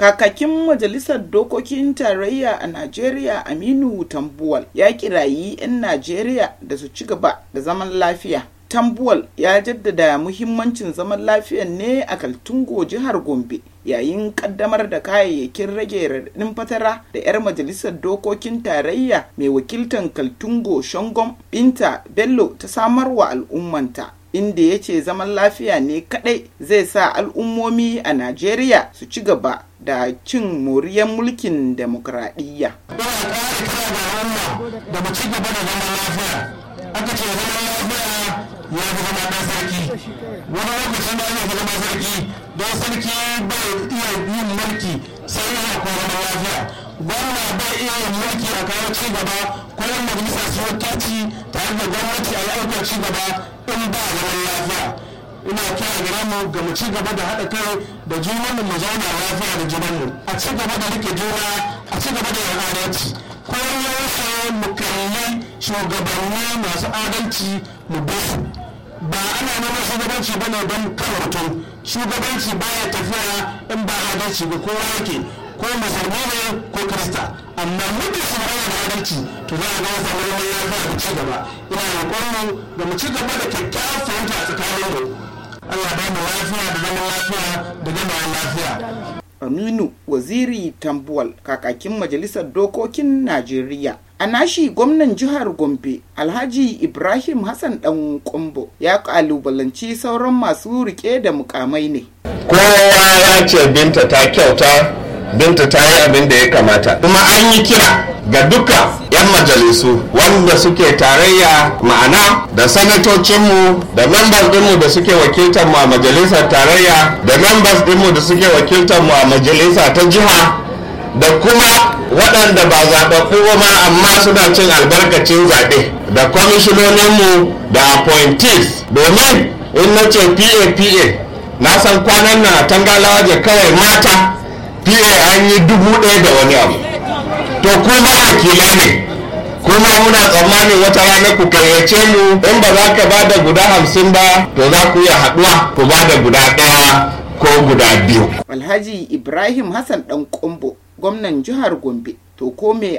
Kakakin Majalisar Dokokin Tarayya a Najeriya Aminu Tambuwal ya kirayi 'yan Najeriya da su ci gaba da zaman lafiya. Tambuwal ya jaddada muhimmancin zaman lafiya ne a Kaltungo jihar Gombe yayin kaddamar da kayayyakin rage raɗin fatara da 'yar majalisar dokokin tarayya mai wakiltan Kaltungo Shangon, Binta Bello ta samarwa al'ummanta. inda ya ce zaman lafiya ne kadai zai sa al'ummomi a najeriya su ci gaba da cin moriyar mulkin demokradiyya da mu da gaba da zaman lafiya aka ce zaman lafiya ya fi zama ɗan sarki wani lokacin da ana zama sarki don sarki bai iya yin mulki sai yana kuma zama lafiya gwamna ba iya yin mulki a kawo ci gaba ko majalisa su tare da gwamnati a yi ci gaba in ba zaman lafiya ina kira gare mu ga mu ci gaba da haɗa kai da junanmu mu zauna lafiya da junanmu a ci gaba da rike juna a ci gaba da yin adalci ko yaushe mu kalli shugabanni masu adalci mu bi ba ana neman shugabanci ba ne don kawarto shugabanci baya tafiya in ba adalci ga kowa yake ko musulmi ne aiki to za a ga samu ya ba da ci gaba ina roƙon da mu ci gaba da kyakkyawar fahimta a tsakanin mu Allah ba mu lafiya da zaman lafiya da gamawa lafiya Aminu Waziri Tambuwal kakakin Majalisar Dokokin Najeriya A nashi gwamnan jihar Gombe Alhaji Ibrahim Hassan Dan Kumbo ya kalubalanci sauran masu rike da mukamai ne. Kowa ya ce binta ta kyauta, binta ta yi abin da ya kamata. Kuma an yi kira ga duka 'yan majalisu wanda suke tarayya ma'ana da sanatocinmu da members dinmu da suke wakiltar mu a majalisar tarayya da members dinmu da suke wakiltar mu a majalisa ta jiha da kuma waɗanda ba zaɓaɓɓu ma amma suna cin albarkacin zaɓe da kwamishinoninmu da appointees domin in na ce pa na san kwanan na tangalawa kawai mata pa an yi dubu ɗaya da wani abu to kuma wakilai ne kuma muna tsammanin wata rana ku gayyace mu in ba za ka ba da guda hamsin ba to za ku iya haɗuwa ku ba da guda daya ko guda biyu. Alhaji Ibrahim Hassan dan Kombo, gwamnan jihar Gombe, to ko me